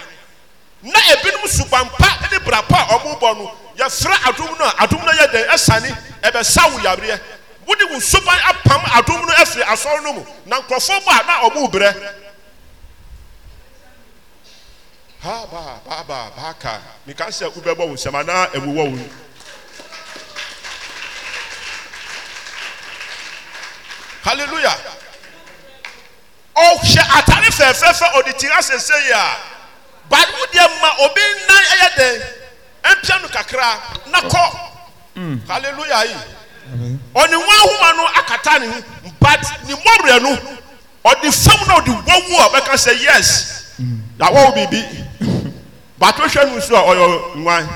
na ebinom pa? ne brapa a wɔn bɔ no yɛfrɛ adum no a adum no yɛ dɛ ɛsane ɛbɛsa wo yareɛ wode wo suban apam adum no afiri asɔre no mu na nkurɔfoɔ bɔ a na wɔn brɛ ha ba ba ba ba mika sɛ wobɛbɔ wo nsɛm anaa ɛwowɔ wo no hallelujah ɔhyɛ atare fɛfɛɛfɛ ɔde tiri asɛsɛ yi a baadi mu deɛ ma obi nan ɛyɛ dɛn ɛmpia no kakra na kɔ mm. hallelujah yi ɔne wɔn ahoma no akata ne ho but ne mɔbrɛ no ɔde fam na ɔde wɔwu a ɔbɛka sɛ yes mm. yawɔ wo biribi bato hwɛ no nso a ɔyɛ nwan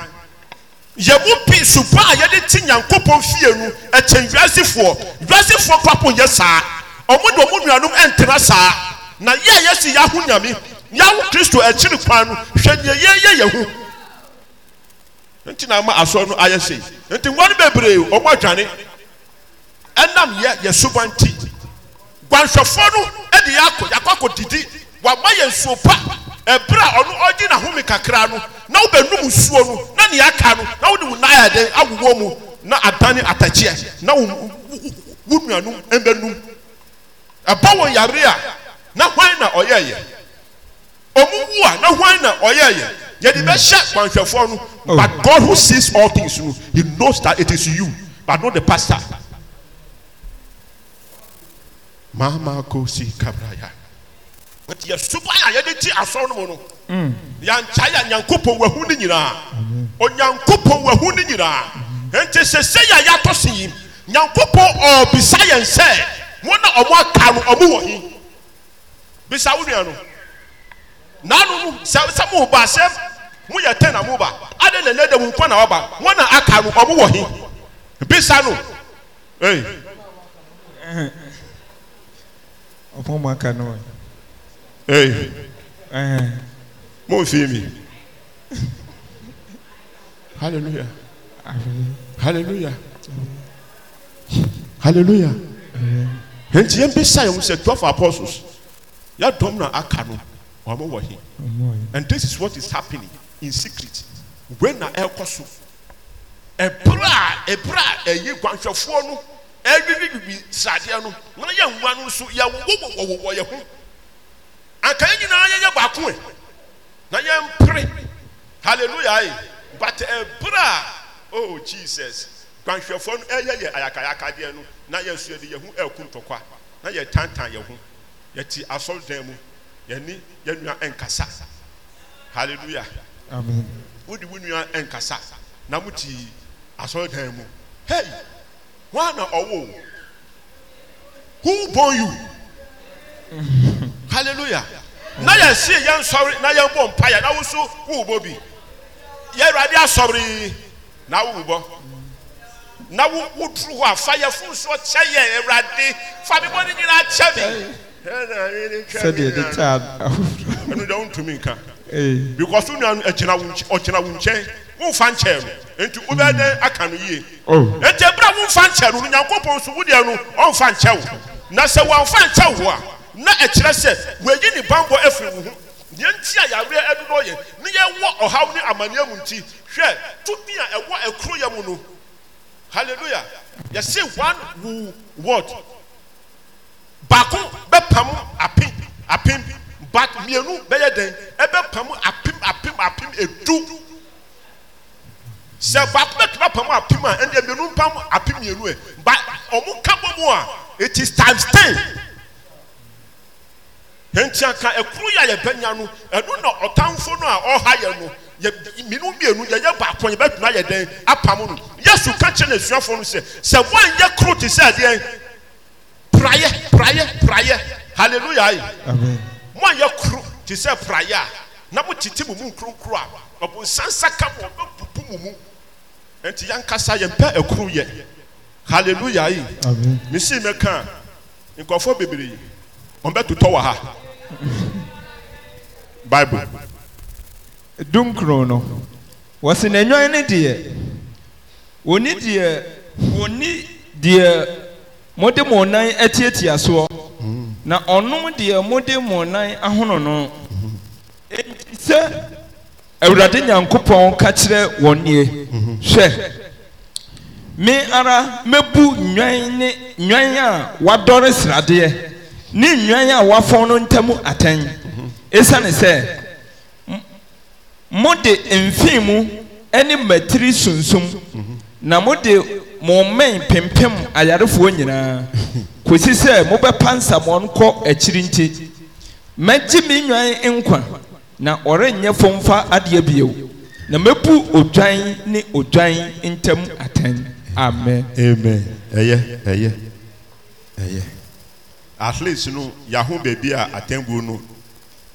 yɛmu pii supa a yɛde ti nyankopɔn fie no ɛkyɛn wiasefoɔ wiasefoɔ papo nyɛ saa ɔmo de ɔmo nuanom ɛntena saa na yɛ a yɛsi yɛ aho nyame. yɛwo kristu akyiri kwan no hwɛ deɛ yɛyɛ yɛ ho nti na ama asɔre no ayɛ sei nti wɔn bebree wɔn adwane ɛnam yɛ yɛ suba nti gbanhwɛfoɔ no ɛde yɛakɔ yɛakɔ akɔ didi wama yɛ nsuo pa ɛbrɛ a ɔno ɔgye n'ahome kakra no na wobɛnum nsuo no na nea aka no na wode wo nan ayɛde awowɔ mu na adane atɛkyeɛ na wo nuanom mbɛnum ɛbɔ wɔn yare a na hwan na ɔyɛɛyɛ ɔmu wu a na hwan na ɔyɛ di yɛde bɛhyɛ kwanhwɛfoɔ no oh. but god who sees all things no he knows that it is you but not the pastor maama ko si ya nti yɛ suba a yɛde ti asɔr no mu no mm. yankya yɛ nyankopɔn wahu ne nyinaa onyankopɔn wahu ne nyinaa nti sese yɛ yɛatɔ so yi nyankopɔn ɔɔbisa yɛn sɛ mo na ɔmo aka no ɔmo wɔ hi bisa wo nua no nanu mu sɛ sɛ mu ba sɛ mu yɛ tɛn na mu ba adi na ne de mu nkɔ na ɔba wɔn na aka no ɔmu wɔ hi bisa no ee. ɔpɔn mu aka no. ee mo n fi mi hallelujah hallelujah hallelujah nti yɛn bisa yɛn mu sɛ twelve apostles yɛ dɔm na aka no wọn bɛ wɔ he and this is what is happening in secret when na ɛkɔ so ɛbra ɛbra ɛyi kwanhwɛfoɔ no ɛdwidwidwi sradeɛ no na yɛ nwa no nso yɛ wɔwɔwɔwɔ yɛ ho ankan nyinaa yɛ yɛ baako ɛ na yɛ mpere hallelujah ayi eh? but ɛbra oh jesus kwanhwɛfoɔ no ɛyɛ yɛ ayakayakadeɛ no na yɛ nso yɛ de yɛ ho ɛɛkum tɔkwa na yɛ tantan yɛ ho yɛ ti asɔrɔdan mu yɛne yɛnua ɛnkasa hallelujah amen wodi wo nua ɛnkasa na mo ti asɔredan mu hey wɔn na ɔwɔ who born you hallelujah na yɛn si yɛn sɔre na yɛn bɔ mpaeɛ na woso wo bɔ bi yɛ awurade asɔre na wo bɔ na wo wo duru hɔ afa yɛ fun so kyɛ yɛ awurade fa mi bɔ ne nyinaa kyɛ mi. sɛdeɛ de taa ahoforɔ ɛnu deɛ ɔntumi nka because ɔnua ɛkyina nche. wo nkyɛn womfa nkyɛn no etu wobɛyɛ dɛn aka no yie nti ebira womfa nkyɛn no nyankopɔn so wodeɛ no ɔmfa nkyɛn wo na sɛ wɔmfa nkyɛn wo a na ɛkyerɛ sɛ wɔayi ne bambɔ afiri wo ho yɛn ti a yàrá ɛdodo yɛ ne yɛ wɔ ɔhaw ne amaneɛ mu nti hwɛ tumi a ɛwɔ ɛkoro yɛ mu no hallelujah yɛsi one wu word. baako bɛpam apim apem bat mmienu bɛyɛ den ɛbɛpam apim apim apim edu sɛ baako bɛtuma pam apem a ɛnna mmienu pam apem mmienu yɛ ba ɔmo ka bɔ mu a it is times ten hɛntia ka ɛkuru yɛ a yɛbɛnya no ɛnu na ɔtanfo no a ɔha yɛ no yɛ mmienu mmienu yɛyɛ baako yɛbɛtuma yɛ den apam no yɛsu ka kyerɛ n'asuafo no sɛ sɛ wɔn nyɛ kuro te sɛ adeɛ praeɛ praeɛ praeɛ hallelujah yi mo a yɛ kuru te sɛ praeɛ a na mo tete mo mu nkurukuru a ɔbɔnsansa ka mo ɔbɛbubu mo mu nti yɛn kasa yɛn pɛ ɛkuru yɛ hallelujah yi misi mi kan nkɔfo bebree wɔn bɛ tutɔ wɔ ha bible. dunkuro no wɔsi na enyo ne deɛ wɔni deɛ wɔni deɛ. mode mo nan atiatia soɔ na ɔnom deɛ mode mo nan ahono no enti sɛ awurade nyankopɔn ka kyerɛ wɔn nie hwɛ me ara mɛbu nnwan ne a wadɔre sradeɛ ne a wafɔn no ntam atɛn esiane sɛ mode mfin mu ne mmatiri na mode mo mmɛn pempem ayarefoɔ nyinaa kɔsi sɛ pansa mo nkɔ akyiri nti mɛgye me nwan nkwa na ɔrenyɛ fomfa adeɛ bio na mɛbu odwan ne odwan ntam atɛn amen. amen ɛyɛ ɛyɛ ɛyɛ at least no yahoo baabi a atɛn buo no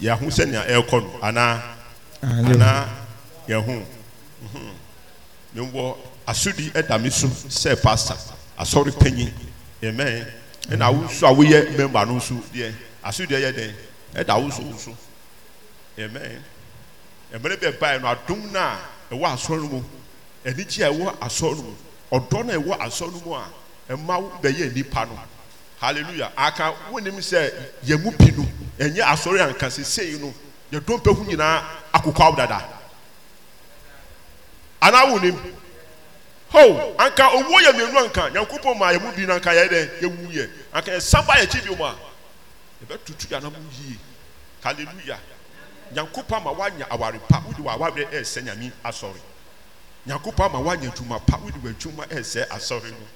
yahoo sɛnea ɛrekɔ no anaa anaa yahoo mbɔ. Mhm. asodi ɛdame so sɛ pastor asɔre panyin amen ɛna awo nso a woyɛ member no nso deɛ asodi ɛyɛ dɛn ɛda awo nso nso amen ɛmɛrɛ bɛ baa no adum na ɛwɔ asɔre no mu anigye a ɛwɔ asɔre no mu ɔdɔ na ɛwɔ asɔre no mu a ɛma bɛyɛ nipa no hallelujah aka wonim sɛ yɛn mu bi no ɛnyɛ asɔre anka sesei no yɛdɔn pɛ ho nyinaa akokɔ awo dada anaa wonim. oh anka owuo yɛ mienu anka nyankopɔn maa yɛ mu bi no anka yɛ dɛ yɛwu yɛ anka yɛsa ba yɛkyi bi mu a yɛbɛtutu yɛ anam yie hallelujah nyankopɔn ama woanya aware pa wode w'awawerɛ ɛresɛ nyame asɔre nyankopɔn ama nya adwuma pa wode w'adwuma ɛresɛ asɔre no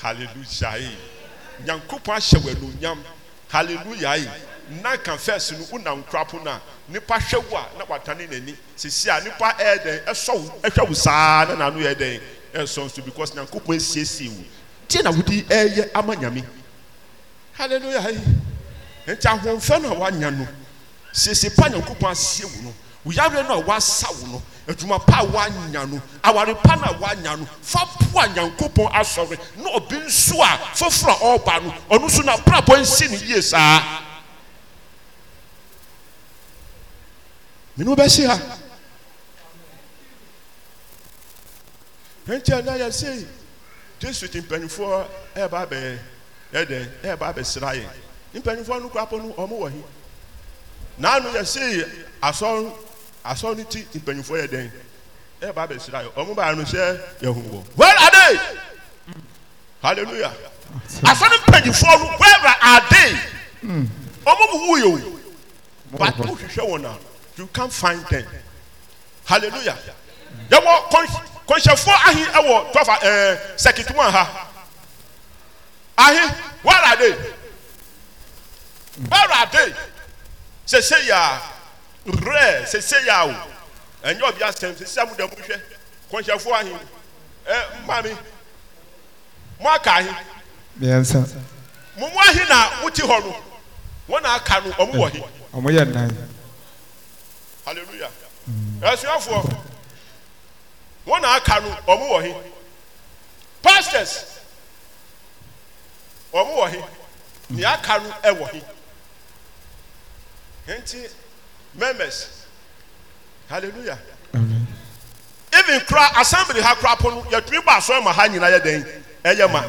hallelujah nyankopɔn ahyɛ wɔ anuonyam hallelujah na ka fɛs no wonam korapo no a nipa hwɛ wo a na watane n'ani sisi a nipa ɛyɛ dɛn ɛsɔ wo ɛhwɛ wo saa na n'ano yɛ dɛn ɛsɔ nso because nyankopɔn esiesie wo tie na wodi ɛɛyɛ ama nyame hallelujah ayi nti ahoɔfɛ no a wanya no siesie pa nyankopɔn asie wo no wòyàwé náà wá sá no adwuma pa wá nya no awari pa náà wá no fa po a nyankopɔn asɔre na obi nso a foforɔ a no ɔno nso na prapɔ nsi ne yie saa mene wobɛsi ha ɛnkyɛn na yɛ sei jesu mpanyinfoɔ ɛɛba abɛɛ ɛdɛn ɛɛba abɛsra yɛ mpanyinfoɔ no korapɔ no ɔmo wɔ he n'ano yɛ sei asɔn asɔn no ti mpanyinfoɔ yɛ dɛn ɛɛba abɛsra yɛ ɔmo baa no sɛ yɛ ho wɔ wɛrɛ ade hallelujah asɔn no mpanyinfoɔ no wɛrɛ ade hmm. ɔmo mu wu yɛ o but o hwehwɛ wɔn na you can find them hallelujah yɛ wɔ kɔn kɔnhyɛfoɔ ahi ɛwɔ tɔfa ɛɛ eh, sɛkitimu aha ahi wɔra de wɔra de sese yaa rɛ sese yaa o ɛnyɛ ɔbi asɛm sese amu dɛm hwɛ kɔnhyɛfoɔ ahe ɛ mmami mu aka ahi mmiɛnsa. mu mu ahe na wote hɔ no wɔn na aka no ɔmo wɔ he. ɔmo yɛ nnan. hallelujah. ɛsuafoɔ. Mm wɔn na aka no wɔn wɔ he pastors wɔn wɔ he nea aka no ɛwɔ he nti members hallelujah amen even kura assembly ha kura pono yɛtumi ba asɔrɔ ma ha nyinaa yɛ den ɛyɛ ma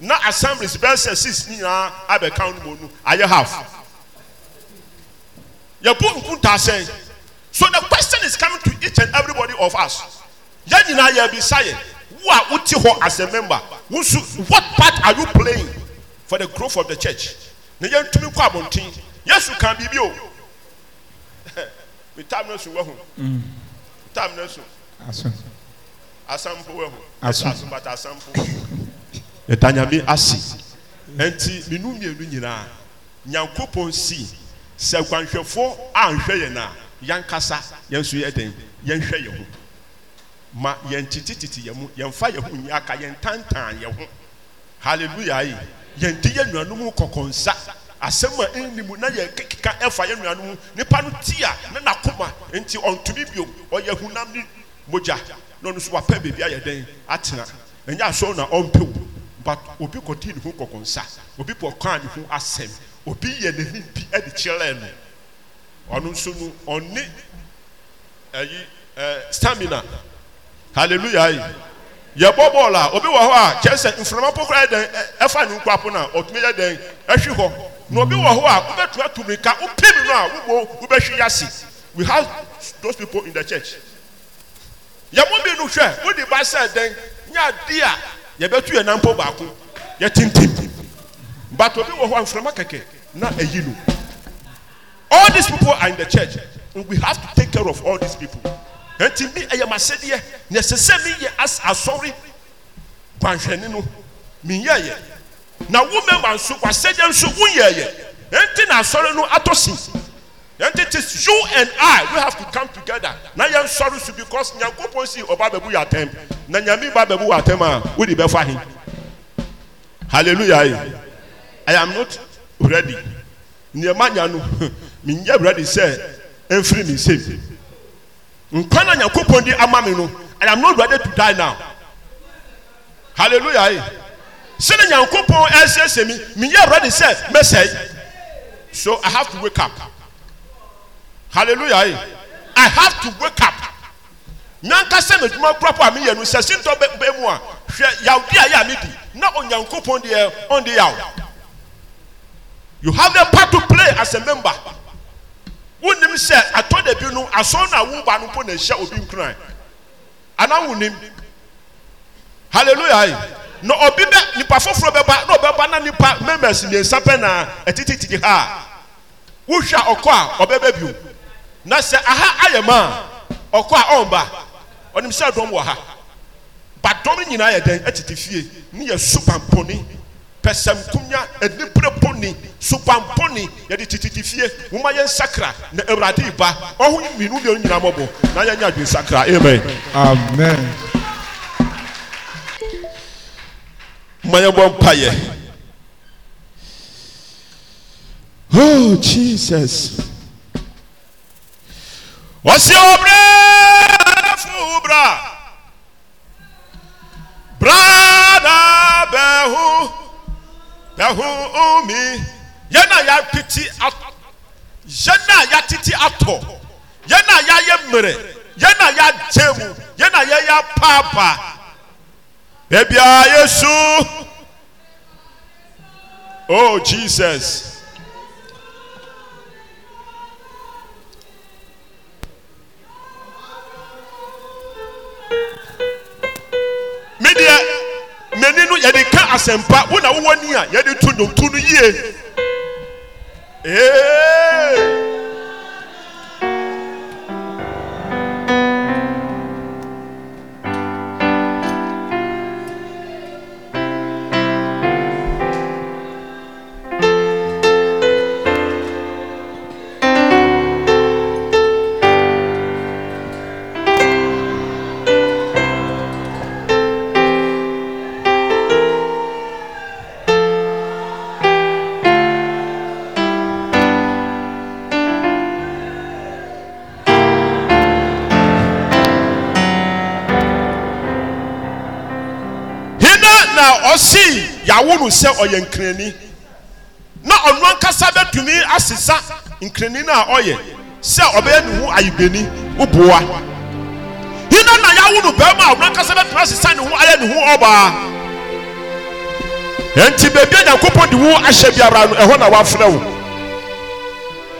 na assemblies bɛɛ sɛ six nyinaa abɛka no mu no ayɛ half yɛbu nkuntaasɛn so the question is coming to each and everybody of us yɛn nyinaa yɛ bi sa yɛ wo a wote hɔ as a member wo what part are you playing for the growth of the church na yɛn ntumi kɔ abɔnten yɛsu kan biribi o mi taam na su wahu mm. taam na su asampo wahu asampo bata asampo ɛtanyame asi nti minu mmienu nyinaa nyankopɔn si sɛ kwanhwɛfoɔ anhwɛ yɛn a yankasa yɛn nso yɛ den yɛnhwɛ yɛn ho. ma yɛn tirititi yɛn mu yɛn fa yɛn ho nyɛ aka yɛn tantan yɛn ho hallelujah yi yɛn ti yɛn nuanom kɔkɔ nsa asɛm a ɛnni mu na yɛn keka ɛfa yɛn nuanom nipa no ti a ne kuma nti ɔntumi biom ɔyɛ hunam ne mogya na ɔno nso wapɛ beebi ayɛ dɛn atena ɛnyɛ asɔr na ɔmpew but obi kɔdi ne ho kɔkɔ nsa obi bɔ kwan ne ho asɛm obi yɛ ne bi ɛde kyerɛ no ɔno nso no ɔne ɛyi ɛɛ stamina. hallelujah yi yɛbɔ bɔɔl obi wɔ hɔ a kyerɛ sɛ mframa pɔ koraa dɛn ɛfa ne nkwapo na ɔtumi yɛ dɛn ɛhwi hɔ na obi wɔ hɔ a wobɛtumi atu mirika wopem no a wobɔ wobɛhwi yase we have those people in the church yɛmo bi no hwɛ wode ba sɛ dɛn nyɛ ade a yɛbɛtu yɛ nampo baako yɛtintim but obi wɔ hɔ a mframa kɛkɛ na ɛyi no all these people are in the church and we have to take care of all these people eti mi ɛyɛ m'asɛdeɛ na ɛsɛ sɛ mi yɛ asɔre gbanhwɛni no mi yɛ yɛ na wo mɛma nso w'asɛdeɛ nso wo yɛ yɛ eti na asɔre no atɔ si yɛnti it is you and I we have to come together na yɛn sɔre so because nyankopɔn si ɔba bɛbu yɛ atɛm na nyame ba bɛbu wɔ atɛm a wodi bɛfa he hallelujah I am not ready nneɛma nya no mi nyɛ ready sɛ ɛnfiri mi nsɛm nkwa na nyankopɔn di ama mi no i am not ready to die now hallelujah sani nyankopɔn ɛsiesie mi mi yɛ ready sɛ mɛsɛɛ so i have to wake up hallelujah i have to wake up nyankasa mi dwuma kura a mi yɛ no sɛ bɛ bɛ mu a hwɛ yawudi a yɛ a mi di na onyankopɔn deɛ ɔn de yaw you have a part to play as a member wonim sɛ atɔ da bi no asɔn na woba no mpo na ɛhyɛ obi nkuran anaa wonim hallelujah na obi bɛ nipa foforɔ bɛba na ɔbɛba na nipa members mmiɛnsa pɛ na ɛtitititi ha a wohwɛ ɔkɔ a ɔbɛbɛ bio na sɛ aha ayɛ ma a ɔkɔ a ɔnba ɔnim sɛ dɔm wɔ ha ba dɔm nyinaa yɛ dɛn ɛtete fie ne yɛ supampɔne ɛsɛm konya anibrɛ poni sokanponi yɛde tetikifie woma yɛ nsakra na awurade i ba ɔhominu bino nyina mɔbɔ na yɛanya adwensakra am amɛn mma yɛnbɔ mpayɛ oh, jisus ɔs ɔbrɛ fho bra bra na bɛho bɛho omi yɛn a yɛatete at yɛn a yɛatete atɔ yɛn a yɛayɛ mmerɛ yɛn a yɛagye mu yɛn a a yɛsu oh jesus. media n'ani no yɛde ka asɛmpa wo wowɔ ni a yɛde tu no no yie ee. wohu sɛ ɔyɛ nkranni na ɔno ankasa bɛtumi asesa nkranni na a ɔyɛ sɛ ɔbɛyɛ ne ho ayibeni woboa hina na yɛawo no bɛrima a ɔno ankasa bɛtumi asesa ne ho ayɛ ne ho ɔbaa ɛnti baabi a nyankopɔn de wo ahyɛ biara no ɛhɔ na wafrɛ wo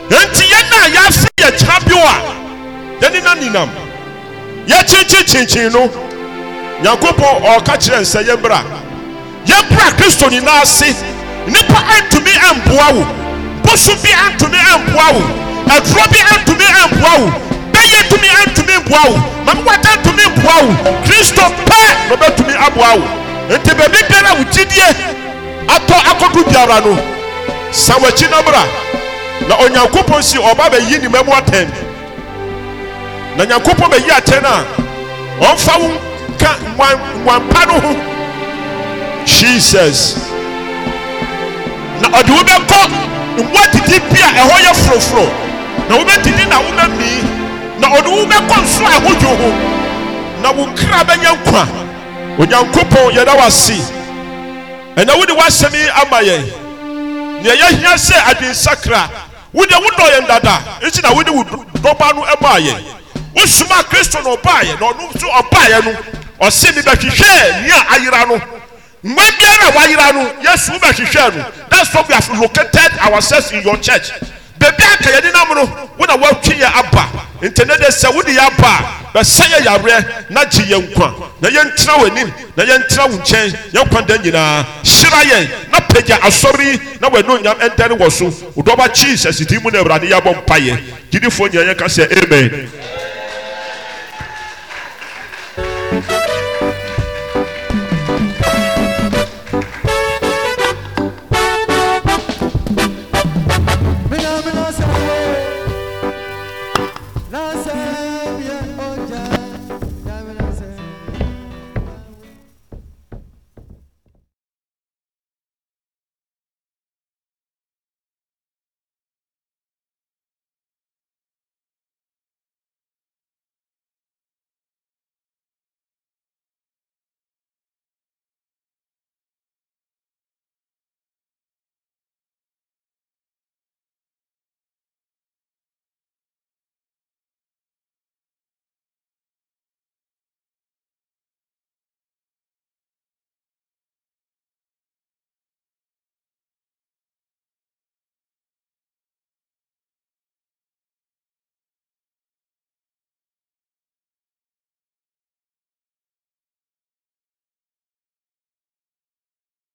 ɛnti yɛn a yɛafiri yɛkyena bio a yɛne na ninam yɛkyinkyinkyinkyin no nyankopɔn ɔɔka kyerɛ nsɛ yɛmmra yɛbra kristo nyinaa ase nnipa antumi amboa wo bosu bi antumi amboa wo aduro bi antumi amboa wo bɛyɛ tumi antumi mboa wo mamewata ntumi mboa wo kristo pɛ na ɔbɛtumi aboa wo nti baabi biara wo gyidie atɔ akɔdo biara no sa w'akyi na mmra na onyankopɔn si ɔba bɛyi ne mamu atɛn na nyankopɔn bɛyi atɛn a ɔmfa wo nka nwanpa no ho jesus na ɔde wo bɛkɔ mmoa didi bi a ɛhɔ yɛ foroforo na wobɛdidi na wobɛmii na ɔde wo bɛkɔ nso a ɛho dwo ho na wo nkra bɛnya nkwa onyankopɔn yɛda wase ɛnɛ wode woasɛm yi ama yɛn nea yɛhia sɛ adwensakra wode wodɔ yɛn dada nti na wode wo dɔba no ɛmaa yɛn wosoma kristo na ɔbaeɛ na ɔno nso ɔbaeɛ no ɔse mebɛhwehwɛɛ nea ayera no mgbe biara wayira no yesu wobɛhwehwɛ no that's why we have located ourselves in your church beebi aka yɛde nam no wo na woatwe yɛ aba nti ne de sɛ wode yɛ aba a bɛsɛ yɛ yareɛ na gye yɛn nkwa na yɛntena w'anim na yɛntena wo nkyɛn yɛn nkwa da nyinaa hyira yɛn na pagya asɔre yi na wɔne onyam ɛndɛre wɔ so wodɔba jesus din mu na awurade yɛabɔ mpayɛ gyidifoɔ nyina yɛka sɛ amen